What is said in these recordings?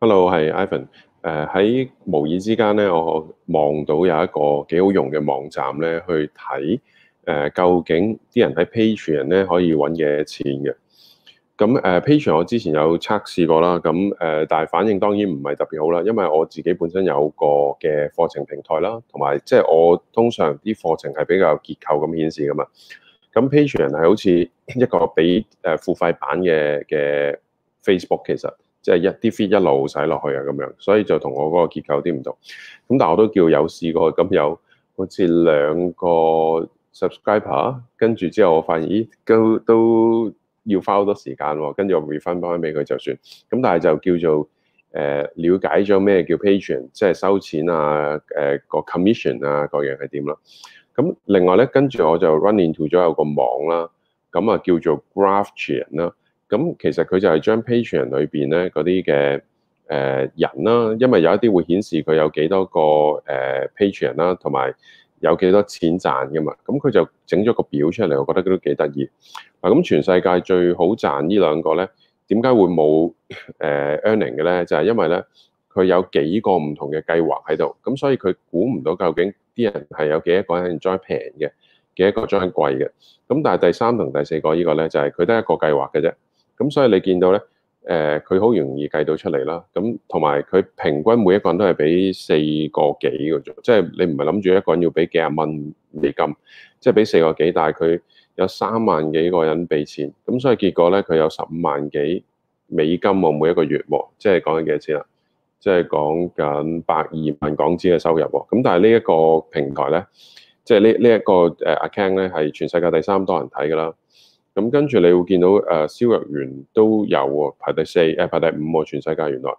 Hello，我係 Ivan、uh、誒喺無意之間咧，我望到有一個幾好用嘅網站咧，去睇誒、uh, 究竟啲人喺 Patreon 咧可以揾幾多錢嘅。咁誒、uh, Patreon 我之前有測試過啦，咁誒、uh, 但係反應當然唔係特別好啦，因為我自己本身有個嘅課程平台啦，同埋即係我通常啲課程係比較結構咁顯示㗎嘛。咁、uh, Patreon 係好似一個俾誒付費版嘅嘅 Facebook 其實。即係一啲 fit 一路使落去啊咁樣，所以就同我嗰個結構有啲唔同。咁但係我都叫有試過，咁有好似兩個 subscriber，跟住之後我發現，咦都都要花好多時間喎。跟住我 refund 翻俾佢就算。咁但係就叫做誒、呃、了解咗咩叫 patreon，即係收錢啊，誒、呃那個 commission 啊，各樣係點咯。咁另外咧，跟住我就 run into 咗有個網啦，咁啊叫做 graphian 啦。咁其實佢就係將 Patreon 裏邊咧嗰啲嘅誒人啦，因為有一啲會顯示佢有幾多個誒 patron 啦，同埋有幾多錢賺噶嘛。咁佢就整咗個表出嚟，我覺得佢都幾得意嗱。咁全世界最好賺呢兩個咧，點解會冇誒 earning 嘅咧？就係、是、因為咧佢有幾個唔同嘅計劃喺度，咁所以佢估唔到究竟啲人係有幾多個人 join 平嘅，幾多個 join 貴嘅。咁但係第三同第四個，個呢個咧，就係佢得一個計劃嘅啫。咁所以你見到咧，誒佢好容易計到出嚟啦。咁同埋佢平均每一個人都係俾四個幾嘅啫，即係你唔係諗住一個人要俾幾廿蚊美金，即係俾四個幾，但係佢有三萬幾個人俾錢，咁所以結果咧佢有十五萬幾美金喎，每一個月喎，即係講緊幾多錢啦？即係講緊百二萬港紙嘅收入喎。咁但係呢一個平台咧，即係呢呢一個誒阿 Ken 咧，係全世界第三多人睇嘅啦。咁跟住你會見到誒蕭若元都有排第四誒排第五喎，全世界原來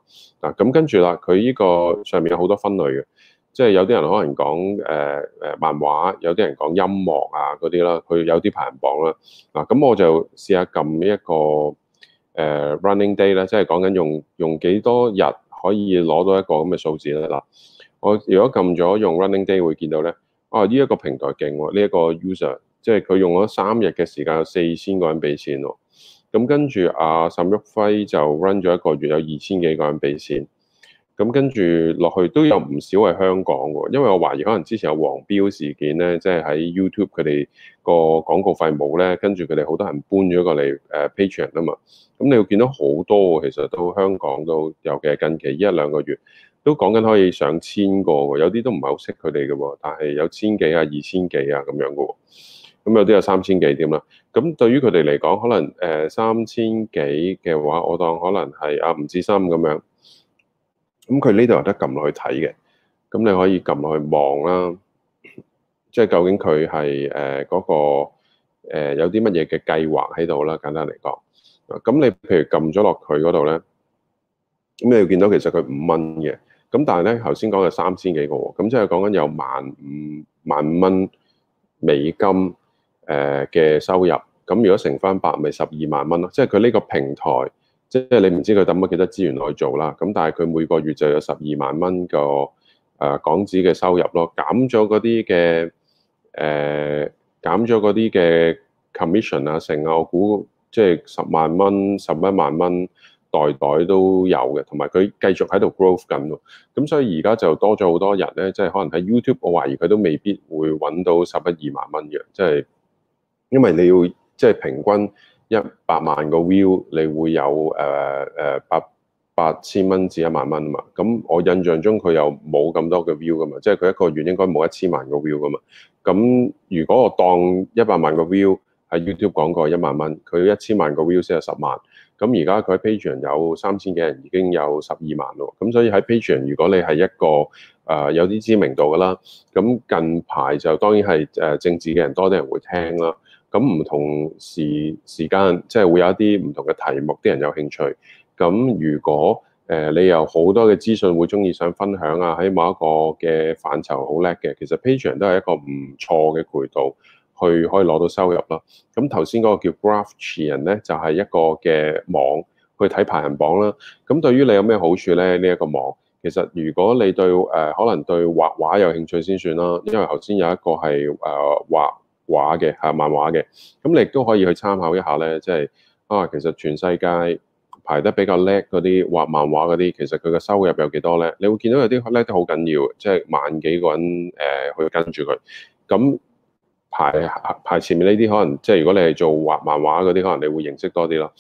嗱咁、啊、跟住啦，佢呢個上面有好多分類嘅，即係有啲人可能講誒誒漫畫，有啲人講音樂啊嗰啲啦，佢有啲排行榜啦嗱，咁、啊、我就試下撳呢一個誒、呃、Running Day 咧，即係講緊用用幾多日可以攞到一個咁嘅數字咧嗱、啊，我如果撳咗用 Running Day 會見到咧，啊呢一、這個平台勁喎，呢、這、一個 user。即係佢用咗三日嘅時間，有四千個人畀錢喎。咁跟住阿沈旭輝就 run 咗一個月，有二千幾個人畀錢。咁跟住落去都有唔少係香港喎，因為我懷疑可能之前有黃標事件咧，即係喺 YouTube 佢哋個廣告費冇咧，跟住佢哋好多人搬咗過嚟誒 Patreon 啊嘛。咁你會見到好多喎，其實都香港都有嘅，近期一兩個月都講緊可以上千個喎，有啲都唔係好識佢哋嘅，但係有千幾啊、二千幾啊咁樣嘅。咁有都有三千幾點啦，咁對於佢哋嚟講，可能誒、呃、三千幾嘅話，我當可能係阿吳志森咁樣。咁佢呢度有得撳落去睇嘅，咁你可以撳落去望啦，即係究竟佢係誒嗰個、呃、有啲乜嘢嘅計劃喺度啦，簡單嚟講。咁你譬如撳咗落佢嗰度咧，咁你要見到其實佢五蚊嘅，咁但係咧頭先講嘅三千幾個，咁即係講緊有萬五萬蚊美金。誒嘅收入，咁如果乘翻百咪十二萬蚊咯，即係佢呢個平台，即係你唔知佢抌咗幾多資源去做啦。咁但係佢每個月就有十二萬蚊個誒港紙嘅收入咯，減咗嗰啲嘅誒，減咗嗰啲嘅 commission 啊成啊，我估即係十萬蚊、十一萬蚊袋袋都有嘅，同埋佢繼續喺度 growth 緊喎。咁所以而家就多咗好多人咧，即係可能喺 YouTube，我懷疑佢都未必會揾到十一二萬蚊嘅，即係。因為你要即係平均一百萬個 view，你會有誒誒、呃、八八千蚊至一萬蚊啊嘛。咁我印象中佢又冇咁多嘅 view 噶嘛，即係佢一個月應該冇一千萬個 view 噶嘛。咁如果我當一百萬個 view 喺 YouTube 講過一萬蚊，佢要一千萬個 view 先係十萬。咁而家佢喺 Patreon 有三千幾人，已經有十二萬咯。咁所以喺 Patreon，如果你係一個誒、呃、有啲知名度噶啦，咁近排就當然係誒政治嘅人多啲人會聽啦。咁唔同時時間，即係會有一啲唔同嘅題目，啲人有興趣。咁如果誒你有好多嘅資訊會，會鍾意想分享啊，喺某一個嘅範疇好叻嘅，其實 Patreon 都係一個唔錯嘅渠道，去可以攞到收入咯。咁頭先嗰個叫 Graphian 咧，就係、是、一個嘅網去睇排行榜啦。咁對於你有咩好處咧？呢、這、一個網其實如果你對誒、呃、可能對畫畫有興趣先算啦，因為頭先有一個係誒、呃、畫。畫嘅嚇漫畫嘅，咁你亦都可以去參考一下咧，即係，啊，其實全世界排得比較叻嗰啲畫漫畫嗰啲，其實佢嘅收入有幾多咧？你會見到有啲叻得好緊要，即係萬幾個人誒去跟住佢，咁排排前面呢啲可能即係如果你係做畫漫畫嗰啲，可能你會認識多啲咯。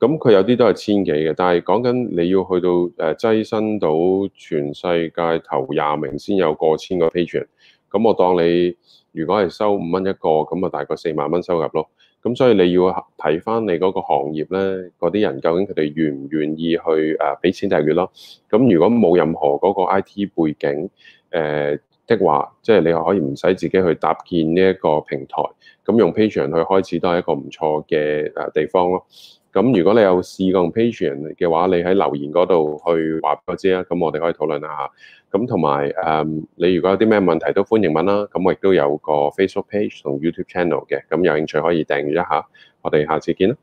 咁佢有啲都係千幾嘅，但係講緊你要去到誒躋身到全世界頭廿名先有過千個 patron，咁我當你。如果係收五蚊一個，咁啊大概四萬蚊收入咯。咁所以你要睇翻你嗰個行業咧，嗰啲人究竟佢哋願唔願意去誒俾、啊、錢訂閱咯？咁如果冇任何嗰個 IT 背景誒、啊、的話，即、就、係、是、你又可以唔使自己去搭建呢一個平台，咁用 Patreon 去開始都係一個唔錯嘅誒地方咯。咁如果你有試過用 Patreon 嘅話，你喺留言嗰度去話我知啊，咁我哋可以討論一下。咁同埋誒，你如果有啲咩問題都歡迎問啦。咁我亦都有個 Facebook page 同 YouTube channel 嘅，咁有興趣可以訂閱一下。我哋下次見啦。